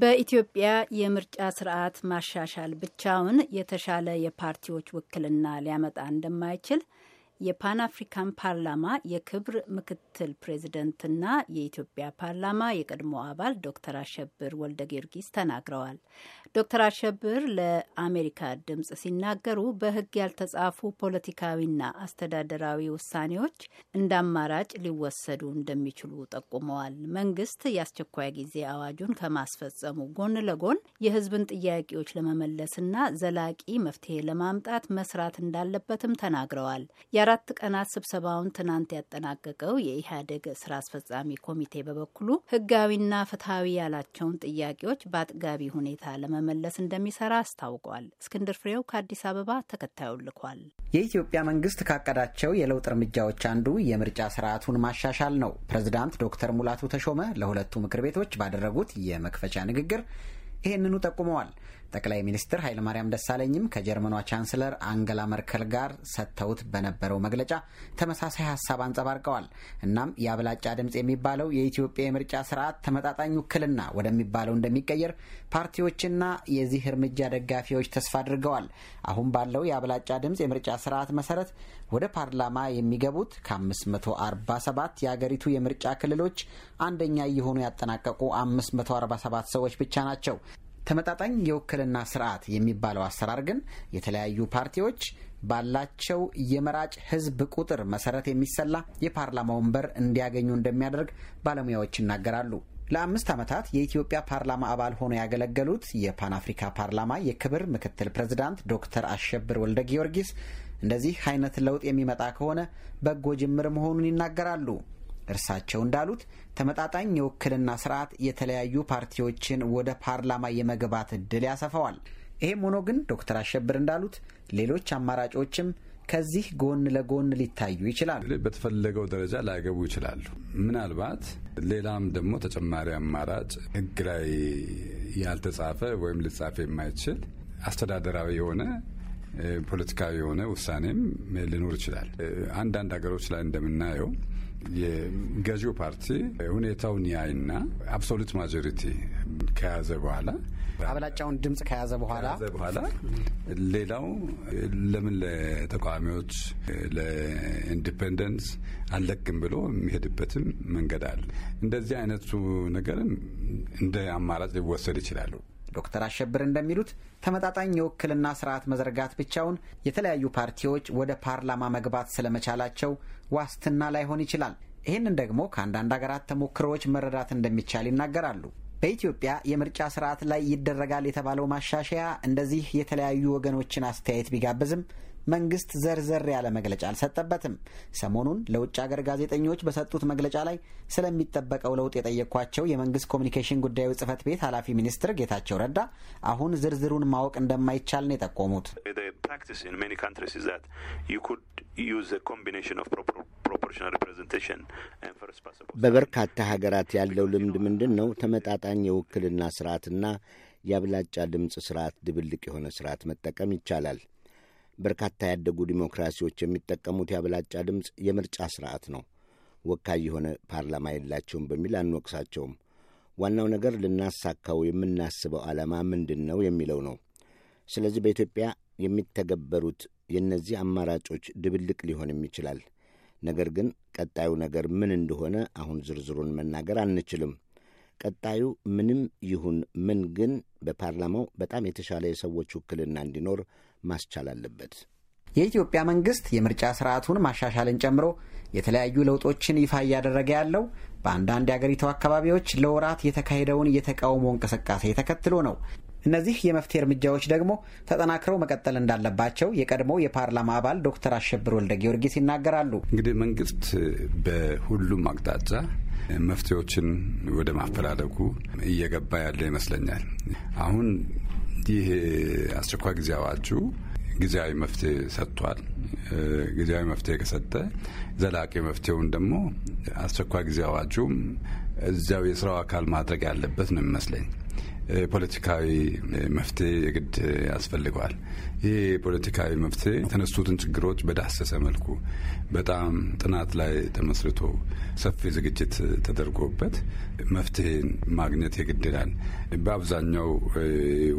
በኢትዮጵያ የምርጫ ስርዓት ማሻሻል ብቻውን የተሻለ የፓርቲዎች ውክልና ሊያመጣ እንደማይችል የፓን አፍሪካን ፓርላማ የክብር ምክትል ፕሬዝደንትና የኢትዮጵያ ፓርላማ የቀድሞ አባል ዶክተር አሸብር ወልደ ጊዮርጊስ ተናግረዋል። ዶክተር አሸብር ለአሜሪካ ድምጽ ሲናገሩ በሕግ ያልተጻፉ ፖለቲካዊና አስተዳደራዊ ውሳኔዎች እንደ አማራጭ ሊወሰዱ እንደሚችሉ ጠቁመዋል። መንግስት የአስቸኳይ ጊዜ አዋጁን ከማስፈጸሙ ጎን ለጎን የሕዝብን ጥያቄዎች ለመመለስና ዘላቂ መፍትሄ ለማምጣት መስራት እንዳለበትም ተናግረዋል። የአራት ቀናት ስብሰባውን ትናንት ያጠናቀቀው የኢህአዴግ ስራ አስፈጻሚ ኮሚቴ በበኩሉ ህጋዊና ፍትሐዊ ያላቸውን ጥያቄዎች በአጥጋቢ ሁኔታ ለመመለስ እንደሚሰራ አስታውቋል። እስክንድር ፍሬው ከአዲስ አበባ ተከታዩን ልኳል። የኢትዮጵያ መንግስት ካቀዳቸው የለውጥ እርምጃዎች አንዱ የምርጫ ስርዓቱን ማሻሻል ነው። ፕሬዚዳንት ዶክተር ሙላቱ ተሾመ ለሁለቱ ምክር ቤቶች ባደረጉት የመክፈቻ ንግግር ይህንኑ ጠቁመዋል። ጠቅላይ ሚኒስትር ኃይለማርያም ደሳለኝም ከጀርመኗ ቻንስለር አንገላ መርከል ጋር ሰጥተውት በነበረው መግለጫ ተመሳሳይ ሀሳብ አንጸባርቀዋል። እናም የአብላጫ ድምፅ የሚባለው የኢትዮጵያ የምርጫ ስርዓት ተመጣጣኝ ውክልና ወደሚባለው እንደሚቀየር ፓርቲዎችና የዚህ እርምጃ ደጋፊዎች ተስፋ አድርገዋል። አሁን ባለው የአብላጫ ድምፅ የምርጫ ስርዓት መሰረት ወደ ፓርላማ የሚገቡት ከ547 የአገሪቱ የምርጫ ክልሎች አንደኛ እየሆኑ ያጠናቀቁ 547 ሰዎች ብቻ ናቸው። ተመጣጣኝ የውክልና ስርዓት የሚባለው አሰራር ግን የተለያዩ ፓርቲዎች ባላቸው የመራጭ ህዝብ ቁጥር መሰረት የሚሰላ የፓርላማ ወንበር እንዲያገኙ እንደሚያደርግ ባለሙያዎች ይናገራሉ። ለአምስት ዓመታት የኢትዮጵያ ፓርላማ አባል ሆነው ያገለገሉት የፓን አፍሪካ ፓርላማ የክብር ምክትል ፕሬዝዳንት ዶክተር አሸብር ወልደ ጊዮርጊስ እንደዚህ አይነት ለውጥ የሚመጣ ከሆነ በጎ ጅምር መሆኑን ይናገራሉ። እርሳቸው እንዳሉት ተመጣጣኝ የውክልና ስርዓት የተለያዩ ፓርቲዎችን ወደ ፓርላማ የመግባት እድል ያሰፋዋል። ይህም ሆኖ ግን ዶክተር አሸብር እንዳሉት ሌሎች አማራጮችም ከዚህ ጎን ለጎን ሊታዩ ይችላሉ። በተፈለገው ደረጃ ላያገቡ ይችላሉ። ምናልባት ሌላም ደግሞ ተጨማሪ አማራጭ ሕግ ላይ ያልተጻፈ ወይም ሊጻፍ የማይችል አስተዳደራዊ የሆነ ፖለቲካዊ የሆነ ውሳኔም ሊኖር ይችላል። አንዳንድ ሀገሮች ላይ እንደምናየው የገዢው ፓርቲ ሁኔታውን ያይና አብሶሉት ማጆሪቲ ከያዘ በኋላ አብላጫውን ድምፅ ከያዘ በኋላ በኋላ ሌላው ለምን ለተቃዋሚዎች ለኢንዲፔንደንስ አለቅም ብሎ የሚሄድበትም መንገድ አለ። እንደዚህ አይነቱ ነገርም እንደ አማራጭ ሊወሰድ ይችላሉ። ዶክተር አሸብር እንደሚሉት ተመጣጣኝ የውክልና ስርዓት መዘርጋት ብቻውን የተለያዩ ፓርቲዎች ወደ ፓርላማ መግባት ስለመቻላቸው ዋስትና ላይሆን ይችላል። ይህንን ደግሞ ከአንዳንድ ሀገራት ተሞክሮዎች መረዳት እንደሚቻል ይናገራሉ። በኢትዮጵያ የምርጫ ስርዓት ላይ ይደረጋል የተባለው ማሻሻያ እንደዚህ የተለያዩ ወገኖችን አስተያየት ቢጋብዝም መንግስት ዘርዘር ያለ መግለጫ አልሰጠበትም። ሰሞኑን ለውጭ አገር ጋዜጠኞች በሰጡት መግለጫ ላይ ስለሚጠበቀው ለውጥ የጠየኳቸው የመንግስት ኮሚኒኬሽን ጉዳዩ ጽህፈት ቤት ኃላፊ ሚኒስትር ጌታቸው ረዳ አሁን ዝርዝሩን ማወቅ እንደማይቻል ነው የጠቆሙት። በበርካታ ሀገራት ያለው ልምድ ምንድን ነው? ተመጣጣኝ የውክልና ስርዓትና የአብላጫ ድምፅ ስርዓት ድብልቅ የሆነ ስርዓት መጠቀም ይቻላል። በርካታ ያደጉ ዲሞክራሲዎች የሚጠቀሙት የአብላጫ ድምፅ የምርጫ ስርዓት ነው። ወካይ የሆነ ፓርላማ የላቸውም በሚል አንወቅሳቸውም። ዋናው ነገር ልናሳካው የምናስበው ዓላማ ምንድን ነው የሚለው ነው። ስለዚህ በኢትዮጵያ የሚተገበሩት የእነዚህ አማራጮች ድብልቅ ሊሆንም ይችላል። ነገር ግን ቀጣዩ ነገር ምን እንደሆነ አሁን ዝርዝሩን መናገር አንችልም። ቀጣዩ ምንም ይሁን ምን ግን በፓርላማው በጣም የተሻለ የሰዎች ውክልና እንዲኖር ማስቻል አለበት። የኢትዮጵያ መንግስት የምርጫ ስርዓቱን ማሻሻልን ጨምሮ የተለያዩ ለውጦችን ይፋ እያደረገ ያለው በአንዳንድ የአገሪቱ አካባቢዎች ለወራት የተካሄደውን የተቃውሞ እንቅስቃሴ ተከትሎ ነው። እነዚህ የመፍትሄ እርምጃዎች ደግሞ ተጠናክረው መቀጠል እንዳለባቸው የቀድሞ የፓርላማ አባል ዶክተር አሸብር ወልደ ጊዮርጊስ ይናገራሉ። እንግዲህ መንግስት በሁሉም አቅጣጫ መፍትሄዎችን ወደ ማፈላለጉ እየገባ ያለ ይመስለኛል። አሁን ይህ አስቸኳይ ጊዜ አዋጁ ጊዜያዊ መፍትሄ ሰጥቷል። ጊዜያዊ መፍትሄ ከሰጠ ዘላቂ መፍትሄውን ደግሞ አስቸኳይ ጊዜ አዋጁም እዚያው የስራው አካል ማድረግ ያለበት ነው የሚመስለኝ። ፖለቲካዊ መፍትሄ የግድ ያስፈልገዋል። ይህ የፖለቲካዊ መፍትሄ የተነሱትን ችግሮች በዳሰሰ መልኩ በጣም ጥናት ላይ ተመስርቶ ሰፊ ዝግጅት ተደርጎበት መፍትሄን ማግኘት የግድ ይላል። በአብዛኛው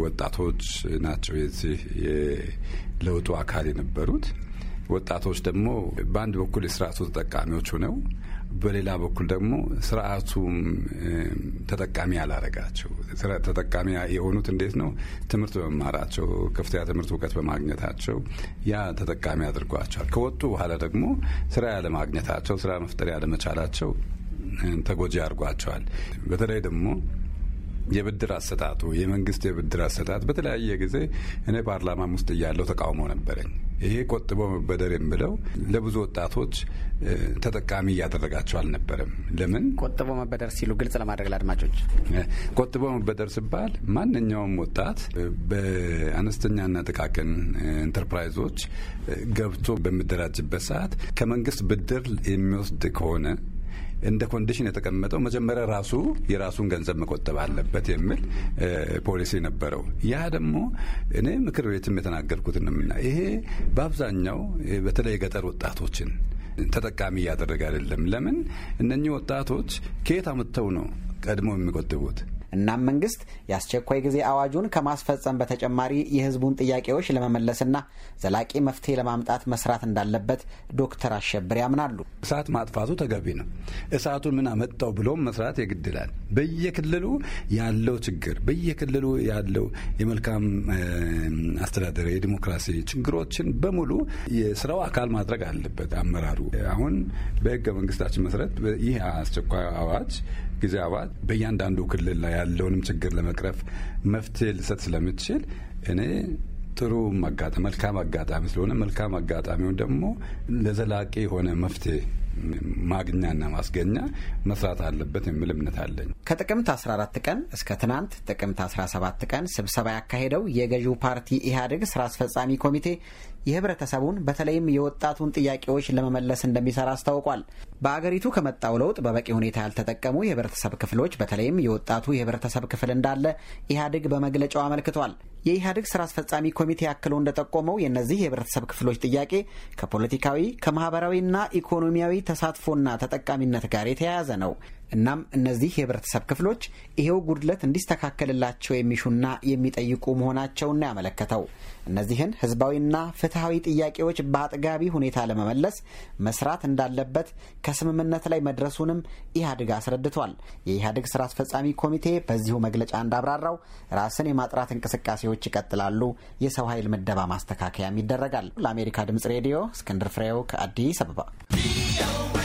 ወጣቶች ናቸው የዚህ የለውጡ አካል የነበሩት። ወጣቶች ደግሞ በአንድ በኩል የስርዓቱ ተጠቃሚዎች ሆነው በሌላ በኩል ደግሞ ስርዓቱ ተጠቃሚ ያላረጋቸው ተጠቃሚ የሆኑት እንዴት ነው? ትምህርት በመማራቸው ከፍተኛ ትምህርት እውቀት በማግኘታቸው ያ ተጠቃሚ አድርጓቸዋል። ከወጡ በኋላ ደግሞ ስራ ያለማግኘታቸው ስራ መፍጠር ያለመቻላቸው ተጎጂ አድርጓቸዋል። በተለይ ደግሞ የብድር አሰጣጡ የመንግስት የብድር አሰጣጥ በተለያየ ጊዜ እኔ ፓርላማም ውስጥ እያለው ተቃውሞ ነበረኝ። ይሄ ቆጥቦ መበደር የምለው ለብዙ ወጣቶች ተጠቃሚ እያደረጋቸው አልነበረም። ለምን ቆጥቦ መበደር ሲሉ ግልጽ ለማድረግ ለአድማጮች፣ ቆጥቦ መበደር ሲባል ማንኛውም ወጣት በአነስተኛና ጥቃቅን ኢንተርፕራይዞች ገብቶ በሚደራጅበት ሰዓት ከመንግስት ብድር የሚወስድ ከሆነ እንደ ኮንዲሽን የተቀመጠው መጀመሪያ ራሱ የራሱን ገንዘብ መቆጠብ አለበት የሚል ፖሊሲ ነበረው። ያ ደግሞ እኔ ምክር ቤትም የተናገርኩት ነውና ይሄ በአብዛኛው በተለይ የገጠር ወጣቶችን ተጠቃሚ እያደረገ አይደለም። ለምን እነኚህ ወጣቶች ከየት አምጥተው ነው ቀድሞ የሚቆጥቡት? እናም መንግስት የአስቸኳይ ጊዜ አዋጁን ከማስፈጸም በተጨማሪ የህዝቡን ጥያቄዎች ለመመለስና ዘላቂ መፍትሄ ለማምጣት መስራት እንዳለበት ዶክተር አሸብር ያምናሉ። እሳት ማጥፋቱ ተገቢ ነው። እሳቱን ምን አመጣው ብሎም መስራት የግድላል። በየክልሉ ያለው ችግር በየክልሉ ያለው የመልካም አስተዳደር የዲሞክራሲ ችግሮችን በሙሉ የስራው አካል ማድረግ አለበት አመራሩ። አሁን በህገ መንግስታችን መሰረት ይህ አስቸኳይ አዋጅ ጊዜ አባል በእያንዳንዱ ክልል ላይ ያለውንም ችግር ለመቅረፍ መፍትሄ ልሰጥ ስለምትችል እኔ ጥሩ አጋጣሚ መልካም አጋጣሚ ስለሆነ መልካም አጋጣሚውን ደግሞ ለዘላቂ የሆነ መፍትሄ ማግኛና ማስገኛ መስራት አለበት የሚል እምነት አለኝ። ከጥቅምት 14 ቀን እስከ ትናንት ጥቅምት 17 ቀን ስብሰባ ያካሄደው የገዢው ፓርቲ ኢህአዴግ ስራ አስፈጻሚ ኮሚቴ የህብረተሰቡን በተለይም የወጣቱን ጥያቄዎች ለመመለስ እንደሚሰራ አስታውቋል። በአገሪቱ ከመጣው ለውጥ በበቂ ሁኔታ ያልተጠቀሙ የህብረተሰብ ክፍሎች በተለይም የወጣቱ የህብረተሰብ ክፍል እንዳለ ኢህአዴግ በመግለጫው አመልክቷል። የኢህአዴግ ስራ አስፈጻሚ ኮሚቴ አክሎ እንደጠቆመው የእነዚህ የህብረተሰብ ክፍሎች ጥያቄ ከፖለቲካዊ ከማህበራዊና ኢኮኖሚያዊ ተሳትፎና ተጠቃሚነት ጋር የተያያዘ ነው። እናም እነዚህ የህብረተሰብ ክፍሎች ይሄው ጉድለት እንዲስተካከልላቸው የሚሹና የሚጠይቁ መሆናቸውን ያመለከተው። እነዚህን ህዝባዊና ፍትሐዊ ጥያቄዎች በአጥጋቢ ሁኔታ ለመመለስ መስራት እንዳለበት ከስምምነት ላይ መድረሱንም ኢህአዴግ አስረድቷል። የኢህአዴግ ስራ አስፈጻሚ ኮሚቴ በዚሁ መግለጫ እንዳብራራው ራስን የማጥራት እንቅስቃሴዎች ይቀጥላሉ፣ የሰው ኃይል ምደባ ማስተካከያም ይደረጋል። ለአሜሪካ ድምጽ ሬዲዮ እስክንድር ፍሬው ከአዲስ አበባ